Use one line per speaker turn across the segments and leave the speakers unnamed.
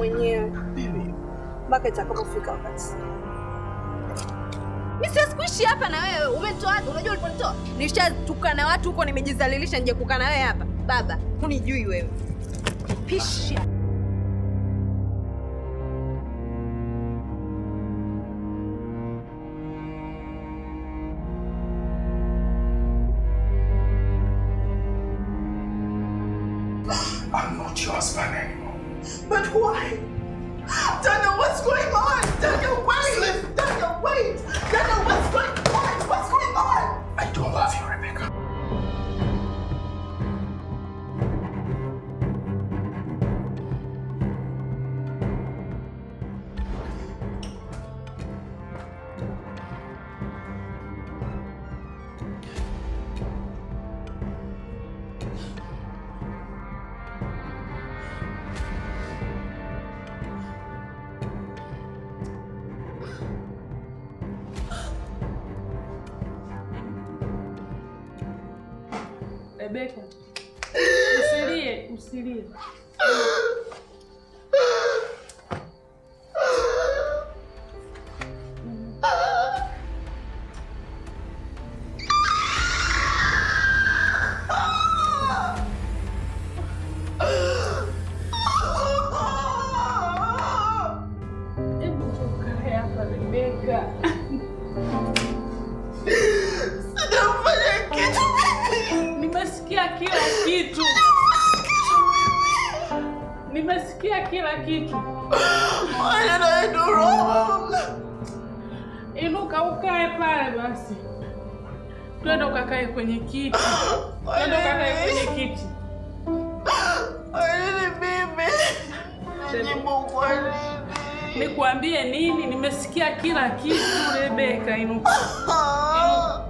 mwenyewe mpaka itakapofika wakati. siwezi kuishi hapa na wewe. Umetoa wapi? Unajua uliponitoa? watu huko, nimejizalilisha, nije kukaa na wewe hapa. Baba, hunijui wewe.
I'm not your husband.
But why? I don't know what's going on.
Rebeka, usilie, usilie. Nasikia kila kitu. Inuka ukae pale basi. Twende ukakae kwenye kiti. Twende ukakae kwenye kiti. Nikwambie nini? Nimesikia kila kitu Rebeka, inuka. Inuka.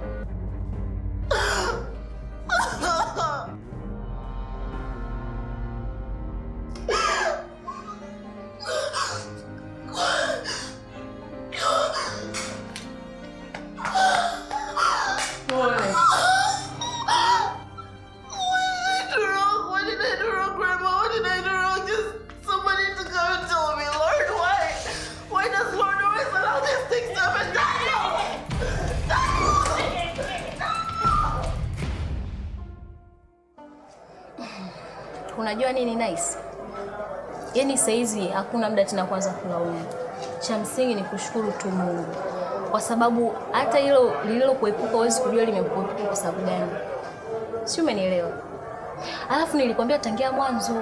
nini yaani ni nice. Yaani saizi hakuna muda tena kuanza kulaumu. Cha msingi ni kushukuru tu Mungu, kwa sababu hata hilo lililokuepuka huwezi kujua limekuepuka kwa sababu gani, si umenielewa? Alafu nilikwambia tangia mwanzo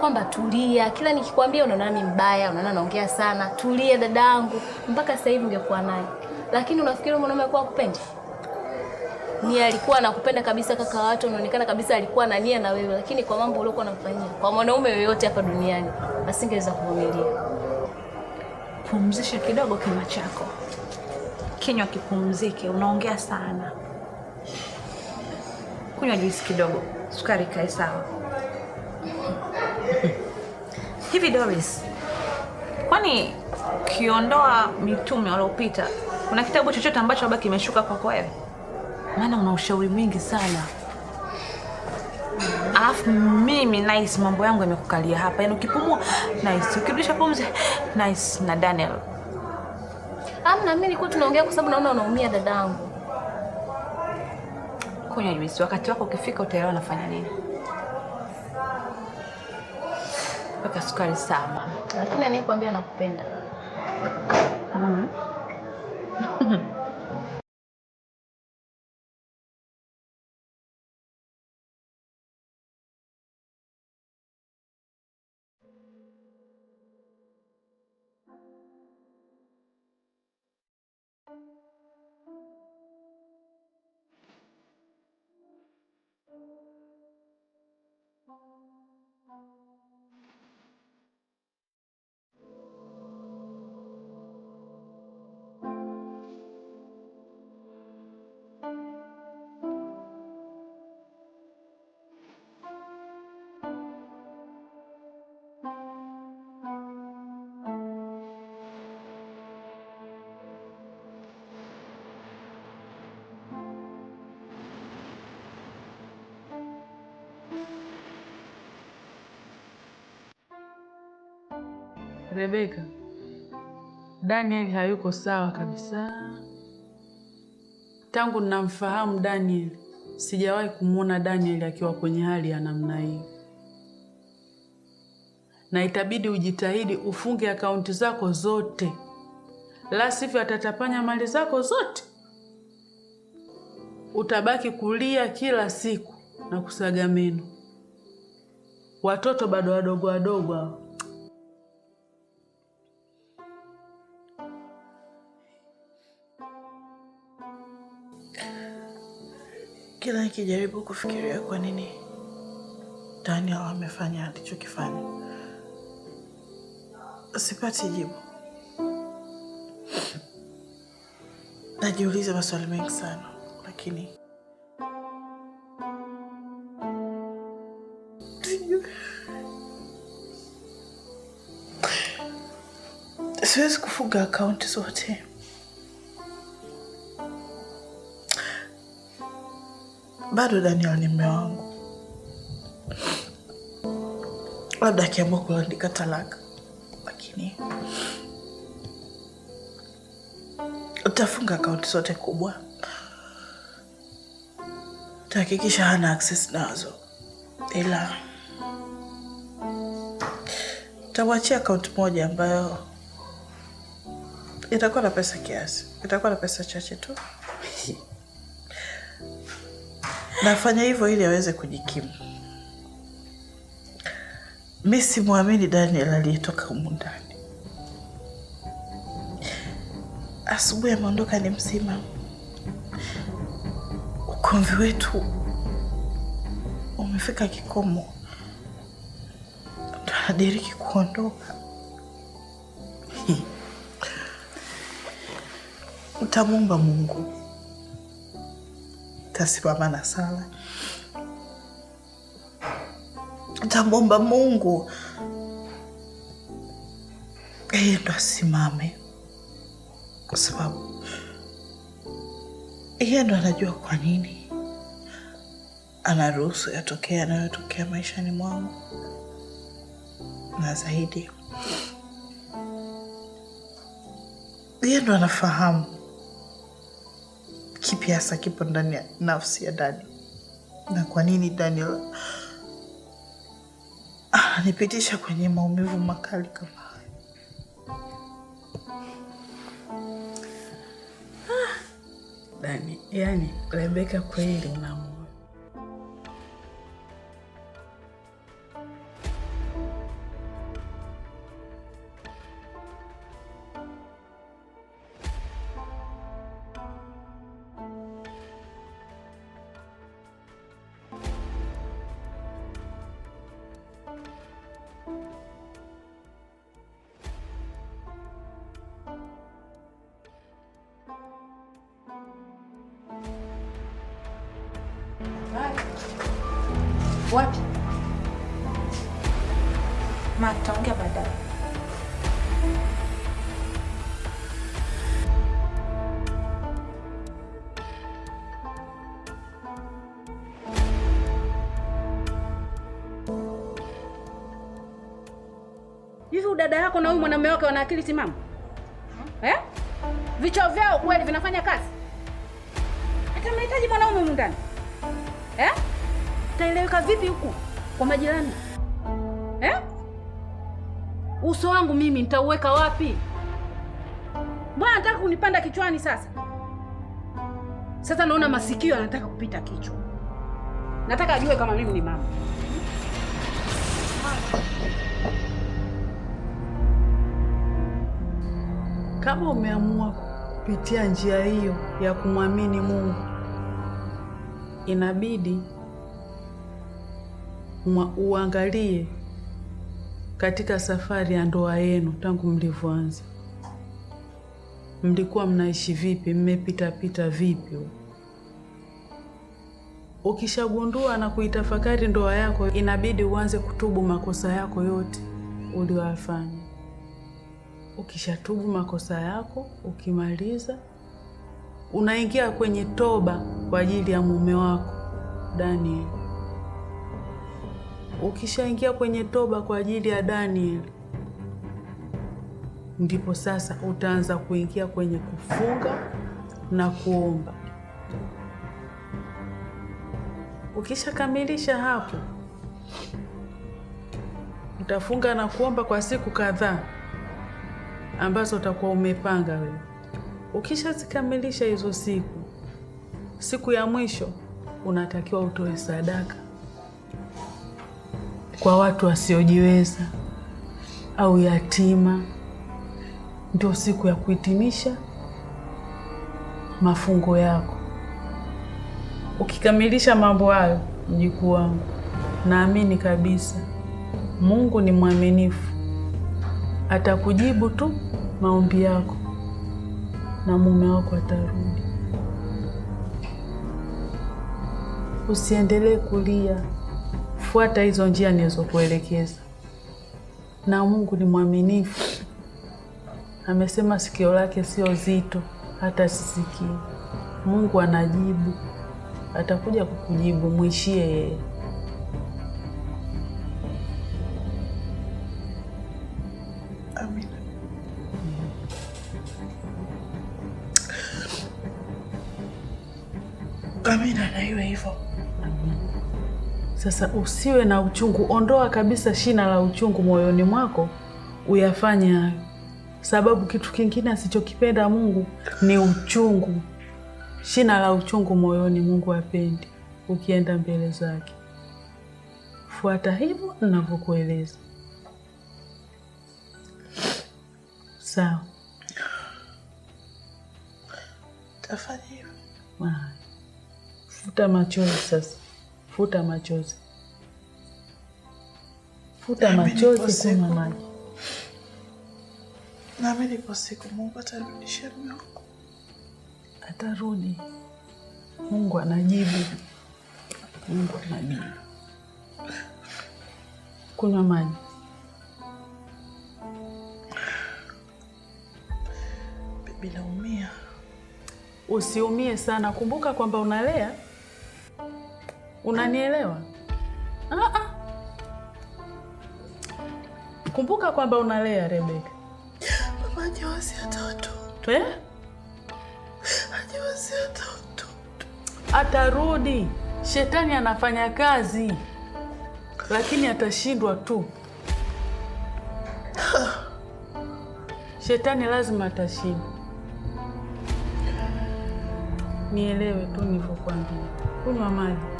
kwamba tulia, kila nikikwambia unaona mimi mbaya, unaona naongea sana. Tulia dadangu, mpaka sasa hivi ungekuwa naye, lakini unafikiri mwanaume kwa kupendi nia alikuwa anakupenda kabisa, kaka watu, unaonekana kabisa alikuwa na nia na wewe, lakini kwa mambo uliokuwa unamfanyia, kwa mwanaume yoyote hapa duniani asingeweza kuvumilia.
Pumzisha kidogo kinywa chako, kinywa kipumzike, unaongea sana. Kunywa juisi kidogo, sukari kae sawa. Hivi Doris, kwani ukiondoa mitume waliopita, kuna kitabu chochote ambacho labda kimeshuka kwako wewe? maana una ushauri mwingi sana alafu mimi Nice mambo yangu yamekukalia hapa, yaani ukipumua Nice, ukirudisha pumzi Nice na Daniel.
Amna, ah, mimi nilikuwa tunaongea kwa sababu naona unaumia dadangu.
Kunywa juisi, wakati wako ukifika utaelewa nafanya nini. weka sukari sawa,
lakini anayekwambia nakupenda. mm -hmm.
Rebeka, Daniel hayuko sawa kabisa. Tangu namfahamu Daniel, sijawahi kumwona Daniel akiwa kwenye hali ya namna hii, na itabidi ujitahidi ufunge akaunti zako zote, la sivyo atatapanya mali zako zote, utabaki kulia kila siku na kusaga meno. Watoto bado wadogo wadogo hao.
Kila nikijaribu kufikiria kwa nini Daniel amefanya alichokifanya, sipati jibu. Najiuliza maswali mengi sana, lakini siwezi kufunga akaunti zote. bado Daniel ni mume wangu. Labda akiamua kuandika talaka, lakini utafunga akaunti zote kubwa, tahakikisha hana access nazo, ila tamwachia akaunti moja ambayo itakuwa na pesa kiasi, itakuwa na pesa chache tu nafanya hivyo ili aweze kujikimu. Mi simwamini Daniel aliyetoka humu ndani. Asubuhi ameondoka ni mzima. Ugomvi wetu umefika kikomo, ndo anadiriki kuondoka. Utamwomba Mungu nitasimama na sala, nitamwomba Mungu yeye ndo asimame, kwa sababu yeye ndo anajua kwa nini anaruhusu yatokee yanayotokea maishani mwangu, na zaidi yeye ndo anafahamu kipi hasa kipo ndani ya nafsi ya Daniel na kwa nini Daniel ah, anipitisha ah, kwenye maumivu makali kama hayo.
Ah, Dani, yani Rebeka kweli una Wapi? Ma, tutaongea baadaye. Hivi dada yako na huyu mwanamume wake wana akili timamu? Eh? Vicho vyao kweli vinafanya kazi? Hata mahitaji mwanaume mundani Eh? taeleweka vipi huku kwa majirani eh? Uso wangu mimi nitauweka wapi? Bwana nataka kunipanda kichwani sasa. Sasa naona masikio anataka kupita kichwa. Nataka ajue kama mimi ni mama. Kama umeamua kupitia njia hiyo ya kumwamini Mungu, inabidi uangalie katika safari ya ndoa yenu, tangu mlivyoanza, mlikuwa mnaishi vipi? Mmepitapita vipi? Ukishagundua na kuitafakari ndoa yako, inabidi uanze kutubu makosa yako yote uliyoyafanya. Ukishatubu makosa yako, ukimaliza, unaingia kwenye toba kwa ajili ya mume wako Daniel. Ukishaingia kwenye toba kwa ajili ya Daniel, ndipo sasa utaanza kuingia kwenye kufunga na kuomba. Ukishakamilisha hapo, utafunga na kuomba kwa siku kadhaa ambazo utakuwa umepanga wewe. Ukishazikamilisha hizo siku, siku ya mwisho unatakiwa utoe sadaka kwa watu wasiojiweza au yatima. Ndio siku ya kuhitimisha mafungo yako. Ukikamilisha mambo hayo, mjukuu wangu, naamini kabisa Mungu ni mwaminifu, atakujibu tu maombi yako na mume wako atarudi. Usiendelee kulia fuata hizo njia nilizokuelekeza, na Mungu ni mwaminifu, amesema sikio lake sio zito hata sisikii. Mungu anajibu, atakuja kukujibu, mwishie yeye. Sasa usiwe na uchungu, ondoa kabisa shina la uchungu moyoni mwako, uyafanye hayo, sababu kitu kingine asichokipenda Mungu ni uchungu. Shina la uchungu moyoni Mungu apendi ukienda mbele zake. Fuata hivyo ninavyokueleza, sawa?
tafadhali
Futa machozi sasa. Futa machozi, futa machozi, kunywa maji.
Nami nipo siku Mungu atarudisha miogo,
atarudi. Mungu anajibu, Mungu anajibu. Kunywa maji.
Bibi naumia.
Usiumie sana, kumbuka kwamba unalea Unanielewa? Ah, ah. Kumbuka kwamba unalea Rebeka.
Mama ataoto. Eh? Ataoto.
Atarudi. Shetani anafanya kazi lakini atashindwa tu. Shetani lazima atashinda. Nielewe tu nilivyokuambia. Kunywa maji.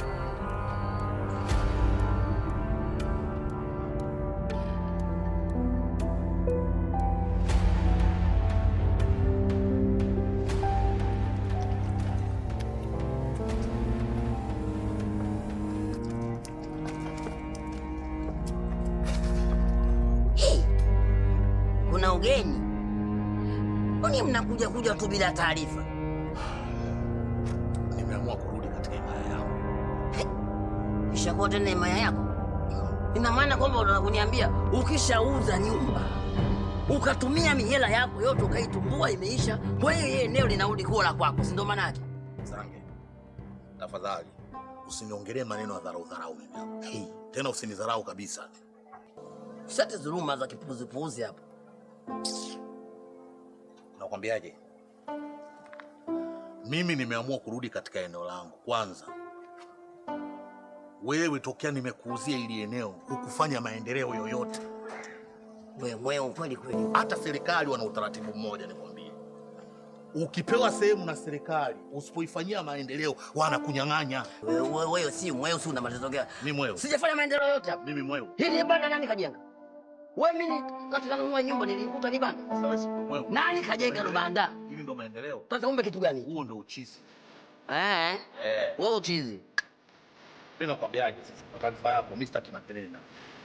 anakuja kuja tu bila taarifa.
Nimeamua kurudi katika himaya yako.
Ishakuwa tena himaya yako? Ina maana kwamba unataka kuniambia ukishauza nyumba ukatumia mihela yako yote ukaitumbua, imeisha. Kwa hiyo yeye eneo linarudi kuwa la kwako, si ndio? Maana yake
Zange, tafadhali usiniongelee maneno ya dharau dharau mimi hey. Tena usinidharau kabisa,
Sasa dhuluma za kipuzipuzi hapo
nakwambiaje, mimi nimeamua kurudi katika eneo langu. Kwanza wewe, tokea nimekuuzia ili eneo hukufanya maendeleo yoyote
wewe, kweli kweli.
Hata serikali wana utaratibu mmoja, nikwambie, ukipewa sehemu na serikali usipoifanyia maendeleo wanakunyang'anya.
Wewe wewe si mwewe, si una matatizo gani? Mimi mwewe, sijafanya maendeleo yote Mimi mwewe, hili banda nani kajenga? Wewe mimi kati kanunua nyumba nilikuta ni Nani kajenga ndo banda?
ndo maendeleo.
Sasa kumbe kitu gani?
Huo ndo uchizi.
Eh, eh? Eh. Wewe uchizi.
Mimi nakwambiaje sasa? Taarifa yako mimi sitaki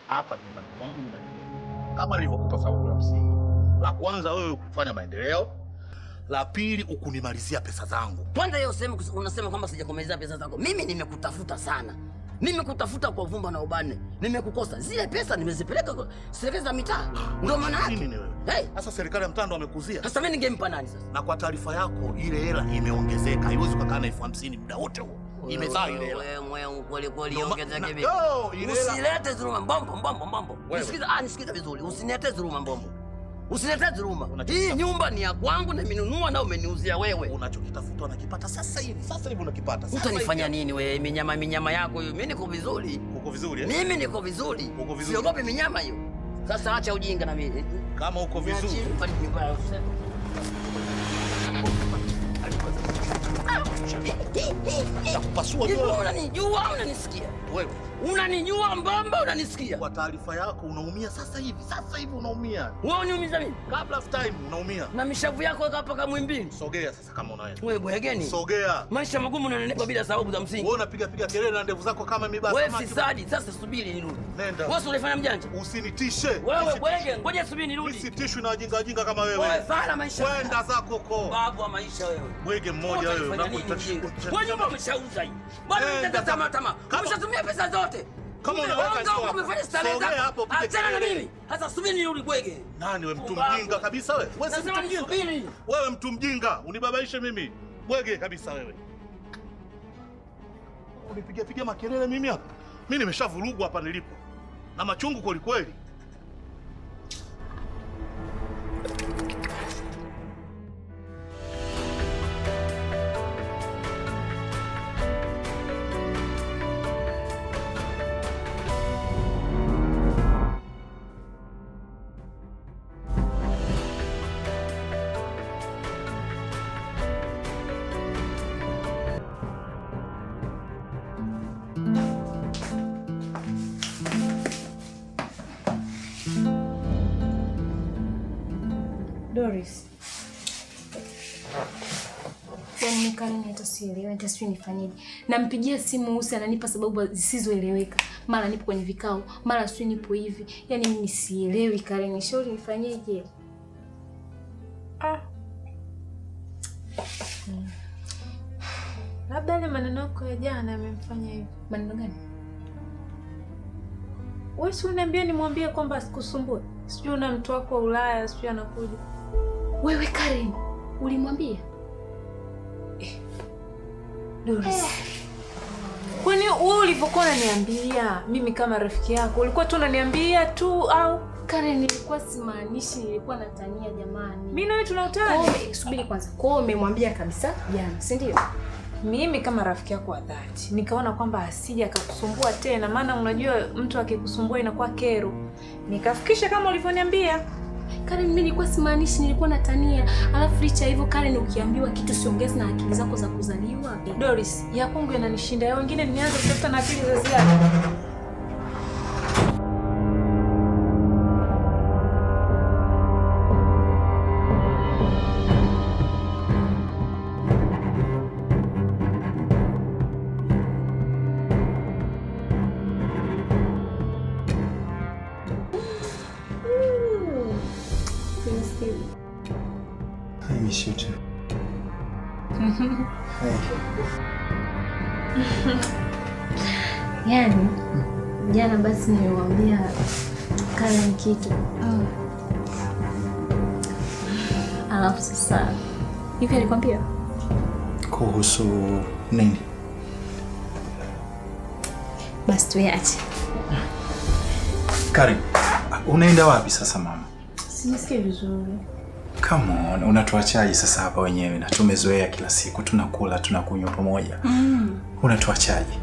Hapa ni mwanangu na kama nilivyokupa sababu ya msingi. La kwanza wewe kufanya maendeleo. La pili ukunimalizia pesa zangu.
Kwanza yeye useme unasema kwamba sijakumalizia pesa zako. Mimi nimekutafuta sana nimekutafuta kwa vumba na ubane, nimekukosa. Zile pesa nimezipeleka serikali za mitaa, ah, ndio maana yake.
sasa serikali ya mtaa ndo amekuzia.
Sasa mimi ningempa nani sasa?
Na kwa taarifa yako, ile hela imeongezeka, haiwezi kukaa na elfu hamsini muda wote huo imezaa
Usilete dhuluma mbombo mbombo mbombo. Nisikiza, ah, nisikiza vizuri. Usiniletee dhuluma mbombo. Usilete dhuruma. Hii nyumba ni ya kwangu na nimenunua na umeniuzia wewe.
Unachokitafuta unakipata sasa hivi. Sasa hivi unakipata.
Utanifanya nini wewe? Minyama minyama yako hiyo. Mimi niko vizuri.
Uko vizuri eh? Mimi niko vizuri.
Uko vizuri. Siogopi minyama hiyo. Sasa acha ujinga na mimi.
Kama uko vizuri.
nyumba Unanijua, unanisikia? Wewe. Unanijua Mbamba, unanisikia?
Kwa taarifa yako, unaumia sasa hivi, sasa hivi unaumia.
Wewe uniumiza mimi?
Kabla of time unaumia.
Na mishavu yako weka hapa kama mwimbili.
Sogea sasa kama unaweza. Wewe bwegeni. Sogea.
Maisha magumu unanenepa bila sababu za msingi.
Wewe unapiga piga kelele na ndevu zako kama mibasa.
Wewe si sadi, sasa subiri nirudi. Nenda. Wewe unafanya mjanja.
Usinitishe. Wewe bwege,
ngoja subiri nirudi.
Usitishwe na wajinga wajinga kama wewe.
Wewe sana maisha. Kwenda zako ko.
Babu wa maisha wewe.
Bwege mmoja wewe unakotafuta. Wewe nyumba umeshauza hii. Bado unataka tamaa tamaa. Umeshatumia pesa zote yote.
Kama unaweka sio wewe mtu mjinga unibabaishe mimi. Bwege kabisa wewe. unipigapiga makelele mimi hapa. Mimi nimeshavurugwa hapa nilipo. Na machungu kwelikweli
Doris. Yaani Karen hata sielewi, hata sijui nifanyeje. Nampigia simu usi ananipa sababu zisizoeleweka. Mara nipo kwenye vikao, mara sijui nipo hivi. Yaani mimi sielewi Karen, shauri nifanyeje? Ah. Hmm. Labda ile maneno yako ya jana yamemfanya hivyo. Maneno gani? Wewe si unaniambia nimwambie kwamba asikusumbue. Sijui una mtu wako Ulaya, sijui anakuja.
Wewe Karen, ulimwambia? Eh.
Doris. Eh. Kwani wewe ulivyokuwa unaniambia mimi kama rafiki yako ulikuwa tu unaniambia tu au
Karen, nilikuwa simaanishi, nilikuwa natania jamani.
Mimi na wewe tunatania.
Subiri kwanza. Kwa hiyo umemwambia kabisa jana, si ndio?
Mimi kama rafiki yako wa dhati nikaona kwamba asija akakusumbua tena, maana unajua mtu akikusumbua inakuwa kero. Nikafikisha kama ulivyoniambia.
Kale mimi nilikuwa simaanishi, nilikuwa natania. Alafu licha hivyo, ni ukiambiwa kitu siongezi na akili zako za kuzaliwa.
Doris, ya kwangu yananishinda, ya wengine nimeanza kutafuta na akili za ziada.
kitu mm. Alafu sasa
hivi alikwambia
kuhusu nini?
Basi tuache.
Kari, unaenda wapi sasa mama?
Sijisikii vizuri.
Come on, unatuachaje sasa hapa wenyewe na tumezoea kila siku tunakula tunakunywa pamoja mm. Unatuachaje?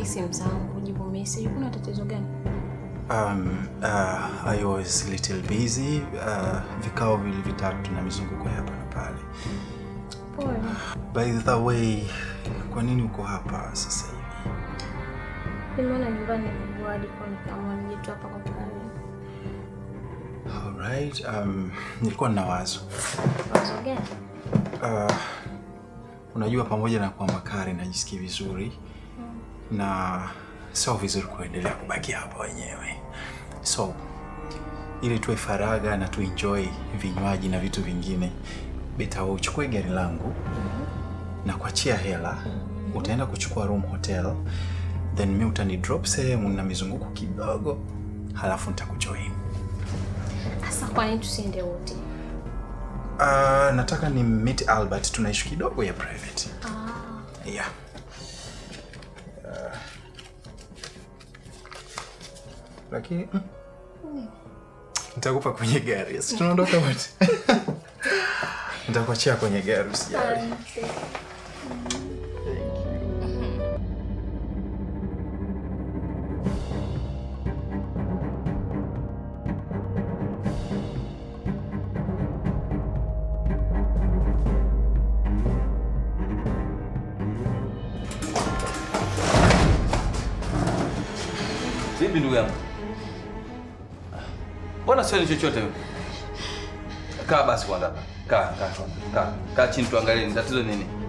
hii simu zangu kujibu message. Kuna tatizo gani?
Um, uh, I was a little busy. Uh, vikao vili vitatu na mizunguko hapa na pale. Pole. By the way, kwa nini uko hapa sasa hivi?
Nimeona nyumbani nikuadi kwa nikaamua nijitu hapa kwa karibu.
Alright, um, nilikuwa na wazo.
Wazo gani? Uh,
unajua pamoja na kwamba Karen najisikia vizuri mm na sio vizuri kuendelea kubaki hapa wenyewe, so ili tuwe faraga na tuenjoy vinywaji na vitu vingine, beta wewe uchukue gari langu na kuachia hela, utaenda kuchukua room hotel, then mimi utani drop sehemu na mizunguko kidogo, halafu nitakujoin.
Sasa kwa nini tusiende wote?
Uh, nataka ni meet Albert, tunaishi kidogo ya private. Ah. Yeah. lakini mm. nitakupa kwenye gari. Si tunaondoka wote? Nitakuachia kwenye gari usijali.
swali chochote. Kaa basi kwanza. Kaa, kaa, kaa. Kaa chini tuangalie ni tatizo nini.